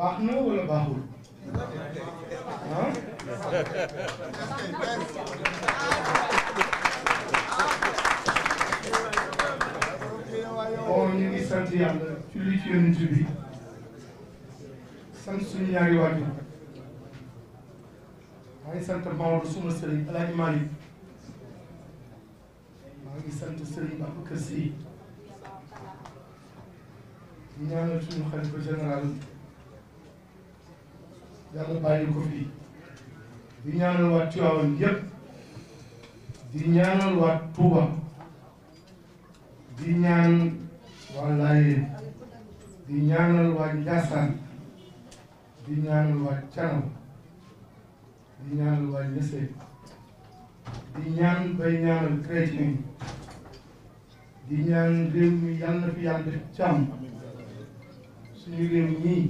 baax na wala baaxul ah bon oh, ñu ngi sant yàlla julli ci yonent bi sant suñu ñaari waajur maa ngi sant Maodo suma sëriñ El Hadj Malick maa ngi sant sëriñ Babacar Sy ñaanal suñu xalifa général yàlla bàyyi ko fii di ñaanal waa Tiwaawan yëpp di ñaanal waa Touba di ñaan waa Laayeen di ñaanal waa Njaasaan di ñaanal waa Canam di ñaanal waa Ñese di ñaan bay ñaanal chrétien di ñaan réew mi yàlla na fi yàlla def jàmm suñu réew ñii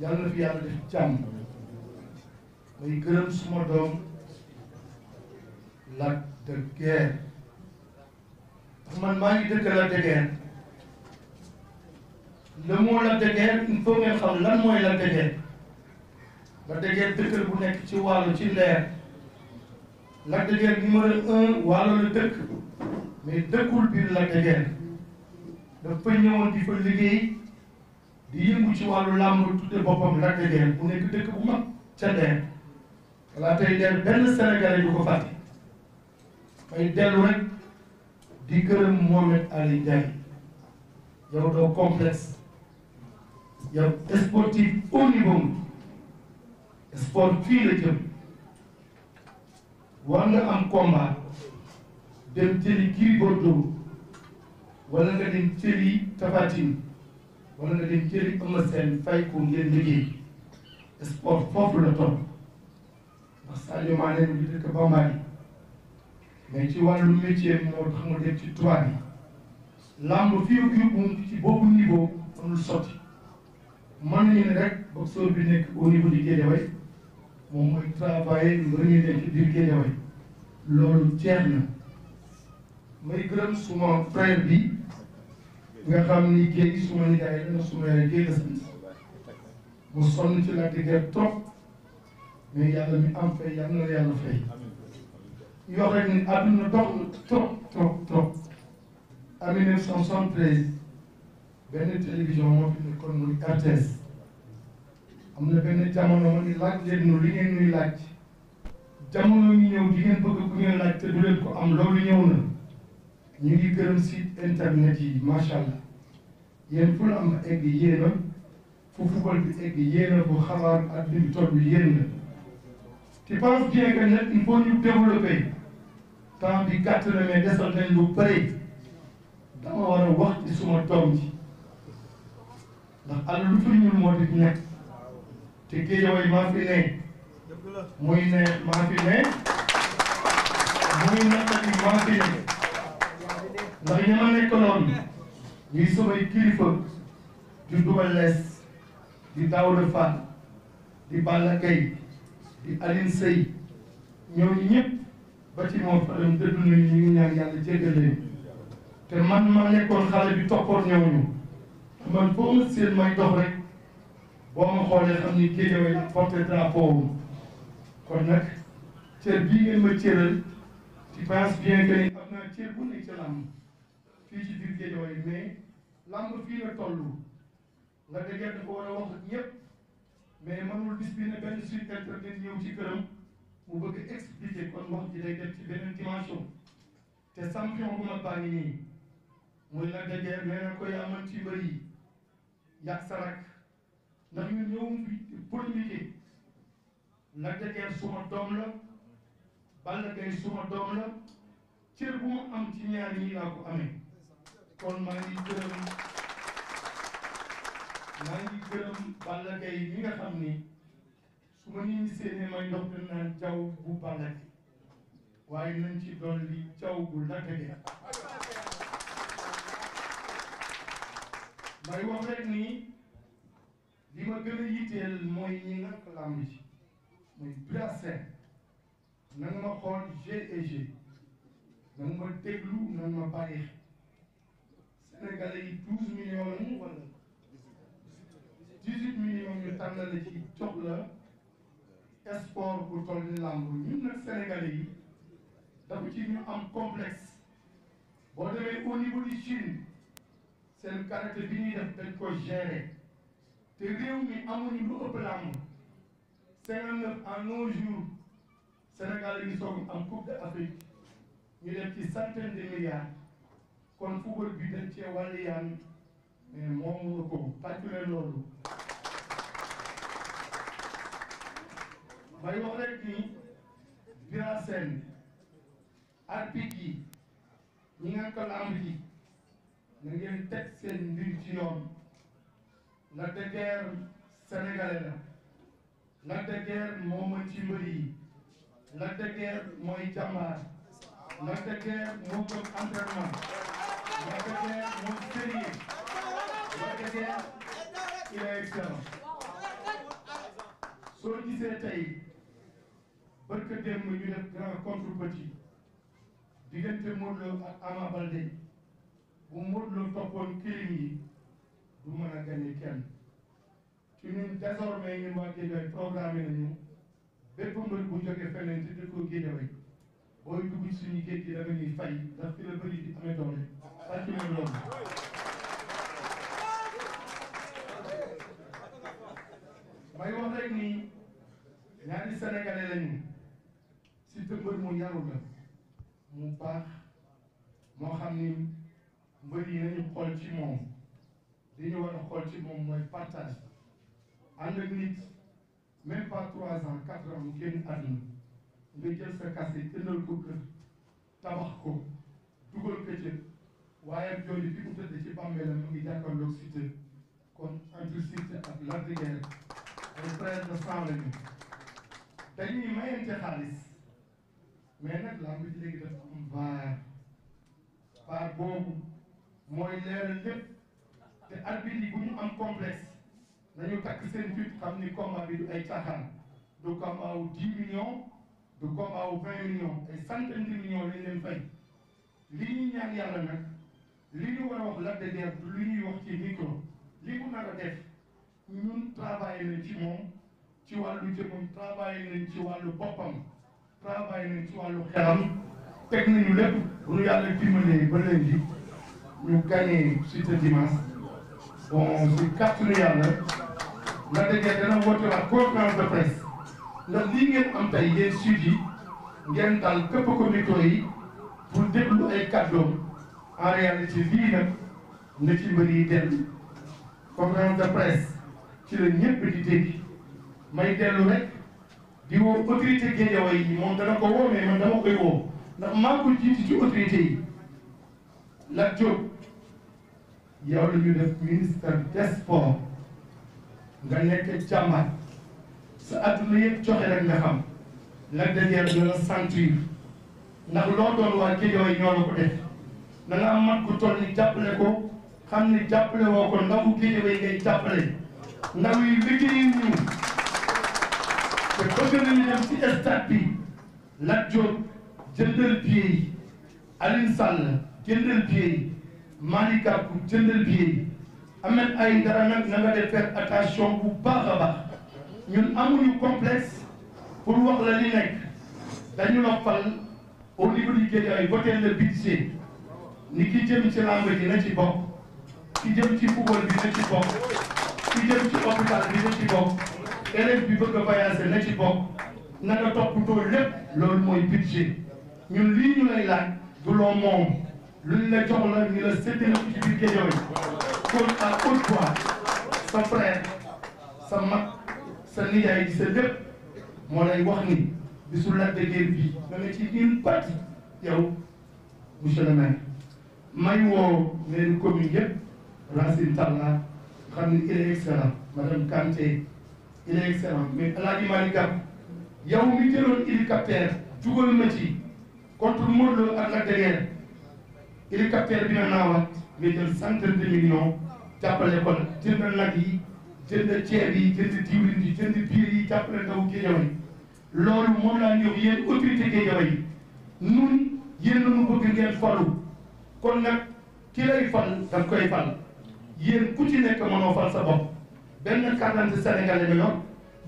yàlla na fi yàlla def jàmm may gërëm suma doom Lac de Guiers ndax man maa ngi dëkk Lac de Guiers le mot Lac de lan mooy Lac de Guiers Lac de Guiers dëkkal bu nekk ci wàllu ci leer Lac de Guiers numéro un wàllu la dëkk mais dëkkul biir Lac de Guiers dafa ñëwoon di fa liggéey di yëngu ci wàllu làmb tudde boppam Lac de Guiers mu nekk dëkk bu mag ca Nder walla tey Nder benn sénégalais du ko fàtte may dellu rek di gërëm Mohamed Ali Ndiaye yow doo complexe yow sportif au niveau sport fii la jëm war nga am combat dem jëli Gris Bordeaux wala nga dem jëli Tapha Tine wala nga dem jëli Eumeu Sène fay ko ngeen liggéey sport foofu la toll ndax Sadio Mané mu ngi dëkk Bambali mais ci wàllu métier moo tax mu dem ci tubaab yi làmb fii ak yóbbu ci boobu niveau amul sotti mën nañu ne rek boxeur bi nekk au niveau du Guédiawaye moom mooy travailler mbir mi nekk biir Guédiawaye loolu jeex na may gërëm suma frère bi. nga xam ni géej suma nijaay la suma yaay géej la sant mu sonn ci Lac de Guiers trop mais yàlla mi am fay yàlla na yàlla fay yoo xam ne àdduna dox na trop trop trop en 1973 benn télévision moo fi nekkoon muy RTS am na benn jamono ma ni laaj leen nu li ngeen nuy laaj jamono ngi ñëw di ngeen bëgg ku ngeen laaj te du leen ko am loolu ñëw na. ñu ngi gërëm site internet yi macha allah yéen fu am egg yéen a fu football bi egg yéen a bu xabaar ak li mu toll yéen la tu penses bien que nag il faut ñu développer temps bi gàtt na desal nañ lu bëri dama war a wax ci suma doom ji ndax àll lu fi ñun moo di nekk te géejaway maa fi ne muy ne maa fi ne muy naka bi maa fi ne. ndax ñi ma nekkaloon ñuy samay kilifa di Double Less di Daouda Fall di Balla Gaye di Aline Sey ñooñu ba ci moom faram dëddu nañu ñu ngi ñaan yàlla jéggal te man ma nekkoon xale bi toppoon ñooñu man foo ma seen may dox rek boo ma xoolee xam ni Guédiawaye porte drapeau kon nag cër bii ngeen ma cëral ci pense bien que ni am naa cër bu nekk ci làmb fii ci biir Guédiawaye mais lamb fii la toll nga dëgër di ko war a wax ak ñëpp mais mënul bis bi ne benn suite internet ñëw ci këram mu bëgg expliquer kon wax ji day dem ci beneen dimension te champion bu mag baa ngi nii muy la dëgër nee na ko yaa mën ci mbër yi yàq sa rak ndax ñun ñëwum fi polémique la dëgër suma doom la Balla Gaye suma doom la cër bu mu am ci ñaar ñii laa ko kon maa ngi gërëm maa ngi gërëm Balla Gaye mi nga xam ni su ma nit ñi seenee may ndox naan jaww bu Balla Gaye waaye ci dolli jaww bu Lac de Guiers may ni ma gën a yitteel mooy ñi nak làmb ji muy brasser na nga ma xool G et G ma déglu na nga ma bàyyi Sénégalais yi douze millions lañu wala dix-huit millions ñu tànn la ci jox la sport bu toll ni làmb ñun nag Sénégalais yi dafa ci ñu am complexe boo demee au niveau du Chine seen karaté bi ñuy def dañ ko gérer te réew mi amuñu lu ëpp làmb cinquante yi soog am coupe d'Afrique ñu def ci centaine de milliards kon football bi dañ cee wàllu yaan mais moom nga ko tàccu leen loolu may wax rek ni Bira Sène arbitre yi ñi nga ko lamb ji na ngeen teg seen mbir ci yoon Lac de Guiers sénégalais la Lac de Guiers moo mën ci mbër yi Lac de Guiers mooy Lacadière, mon sérieux. Lacadière, il est excellent. soo gisee tey barka démb ñu def grand contre petit diggante Modou Lo ak Ama Baldé bu Modou Lo toppoon kilim yi du mën a gagné kenn ci ñun désormais ñun waa Guédiawaye programme nañu bépp mbër bu jógee feneen dëkku Guédiawaye booy dugg suñu géej gi da nga ñuy fay ndax fi la bëri di amee doole sàcc may wax rek ni ñaari sénégalais lañu si tëmbër mu yaru la mu baax moo xam ni mbër yi nañu xool moom li ñu war a moom mooy partage ànd ak nit même pas trois ans quatre ans mu nga jël sa kase jëndal ko kër tabax ko dugal ko ca waaye jooju bi mu tëdd ci bàmmeelam mu ngi jàkkaarloog Cité kon entre Cité ak Lac de Guiers ay frères de sang lañu dañuy mayante xaalis mais nag làmb ji léegi dafa am vaar vaar boobu mooy leeral lépp te arbitre yi bu ñu am complexe nañu takk seen fit xam ni combat bi du ay caaxaan du combat wu 10 millions. du combat wu vingt millions ay centaine de millions lañ leen fay li ñuy ñaan yàlla nag li ñu war a de Guiers du li ñuy wax ci li mu nar def ñun travaillé nañ ci moom ci wàllu jëmmam travaillé nañ ci wàllu boppam travaillé nañ ci wàllu xelam teg nañu lépp bu ñu yàlla dimbalee ba léegi ñu gagné ci ce dimanche bon si kàttanu yàlla Lac de Guiers dana woote waat conférence de presse ndax lii ngeen am tey yéen sud yi ngeen dal képp ko micro yi pour déglu ay kàddoom en réalité lii nag na ci mbër yi dem conférence de ci la ñëpp di ma may dellu rek di woo autorité Guédiawaye yi moom dana ko woo mais man dama koy woo ndax maa ko jiitu ci autorité yi Lat Diop yow la ñu def ministre des sports nga nekk jàmbaar sa adduna yëpp joxe rek nga xam Lac de Guiers dina la sentir ndax loo doon waa Guédiawaye ñoo la ko def na nga am mat ku toll ni ko xam ni jàppale woo ko ndawu Guédiawaye ngay jàppale ndaw yi liggéeyi ñu te bëgg nañu dem ci stade bi Lat Diop jëndal billet yi Alioune Sall jëndal billet yi Malick Gakou jëndal billet yi Ahmed Aïdara nag na nga def attention bu baax a baax ñun amuñu complexe pour wax la li nekk dañu la fal au li du Guédiawaye voté le budget ni ki jëm ci làmb ji na ci bokk ki jëm ci football bi na ci bokk ki jëm ci hôpital bi na ci bokk élève bi bëgg a voyager na ci bokk naka toppatoo lépp loolu mooy budget ñun lii ñu lay laaj du loo moom luñ la jox la ñu la séddale ko ci biir Guédiawaye kon à haute voix sa frère sa mag sa nijaay di sa lépp moo lay wax ni bisu Lac de Guiers bi da nga ci une partie yow monsieur le maire may woo leen commune yëpp Racine Talla xam ni excellent madame Kanté il est excellent mais Alaaji Malick Gakou yow mi jëloon hélicoptère dugal ma ci contre Modou Lo ak Lac de Guiers hélicoptère bi na naawaat nga jël centaine de millions jàppale ko jëndal nag yi jënd ceeb yi jënd diwlin yi jënd biir yi jàppale ndaw Guédiawaye loolu moom laa ñëw yéen autorité Guédiawaye yi nun yéen lañu bëgg ngeen falu kon nag ki lay fal daf koy fal yéen ku ci nekk mënoo fal sa bopp benn kàddante sénégalais nga yor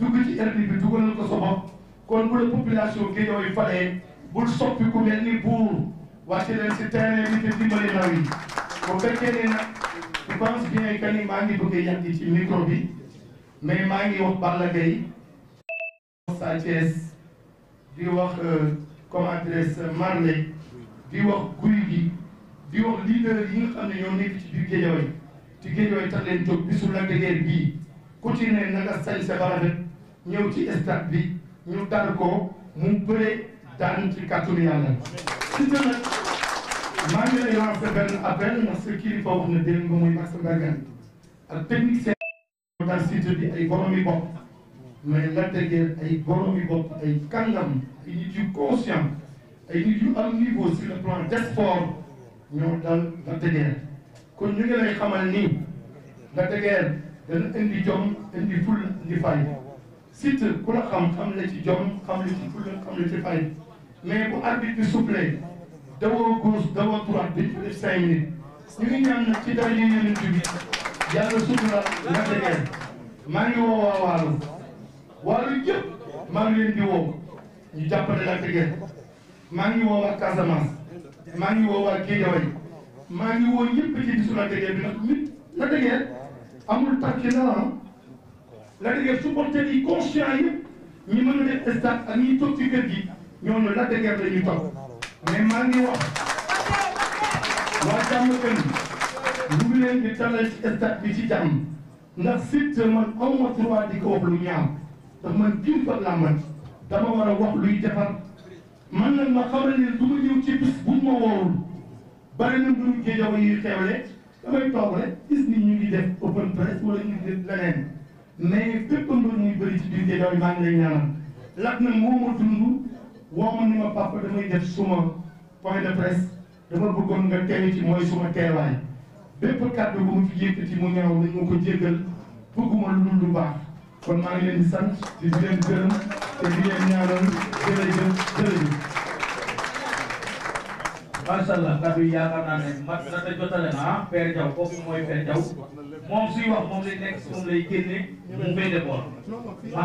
dugg ci RDI bi dugalal ko sa bopp kon bu la population Guédiawaye falee bul soppi ku mel ni buur wàcce leen si terrain bi te dimbali ndaw yi bu fekkee ne nag je pense bien que ni maa ngi bëgg a yàgg ci bi mais maa ngi wax Balla Gaye Sa di wax euh, comment dirais-je Marley di wax guy gi di wax leader yi nga xam ne ñoo nekk ci biir Guédiawaye ci Guédiawaye tax leen jóg bisu Lac de Guiers bii ku ci ne naka sañ sa ba rafet ñëw bi ñu dar ko mu bëre daan ci kàttanu yàlla. maa ngi leen lancé a appel ndax sa kilifa wax na dégg nga muy Maxime Bergane ak technicien daal cité bi ay borom bopp mais la déggee ay borom bopp ay kàngam ay nit yu conscient ay nit yu am niveau sur le plan des sports ñoo dal la déggee kon ñu ngi lay xamal nii la déggee dana indi jom indi ful indi fay cité ku la xam xam la ci jom xam la ci ful xam la ci fay dawal gauche dawal droite bi def cinq minutes ñu ngi ñaan nag ci dara ñu yonent bi yàlla sutura la dëgër maa ngi woo waa Waalo Waalo yëpp maa ngi leen di woo ñu jàppale la dëgër maa ngi woo waa Casamance maa ngi woo waa Guédiawaye maa ngi woo ñëpp ci gisu la dëgër bi nag nit la dëgër amul tàkki la la dëgër supporter yi conscient yëpp ñu mën a def stade ak ñi toog ci kër gi ñooñu la dëgër la ñuy toog mais maa ngi wax waa jàmm kenn ñu ngi leen di dalal ci stade bi ci jàmm ndax Siteu man aw ma droit di ko wax lu ñaaw ndax man jiw fa laa man dama war a lu luy defar man nag ma xamal ne du ma ñëw ci bis bu ma woowul bari na mbirum géejawa yi xewle damay toog rek gis ni ñu ngi def open press wala ñu ngi def leneen mais bépp mbir muy bëri ci biir géejawa yi maa ngi lay ñaanal lakk na moo ma woo ma ni ma papa damay def suma point de presse dama bëggoon nga teew ci mooy suma teewaay bépp kàddu bu mu fi yëkkati mu ñaaw nañ ma ko jéggal bëgguma lu dul lu baax kon maa ngi leen di sant di leen gërëm te di leen ñaanal jërëjëf jërëjëf. macha allah kàddu yi yaakaar naa ne mat na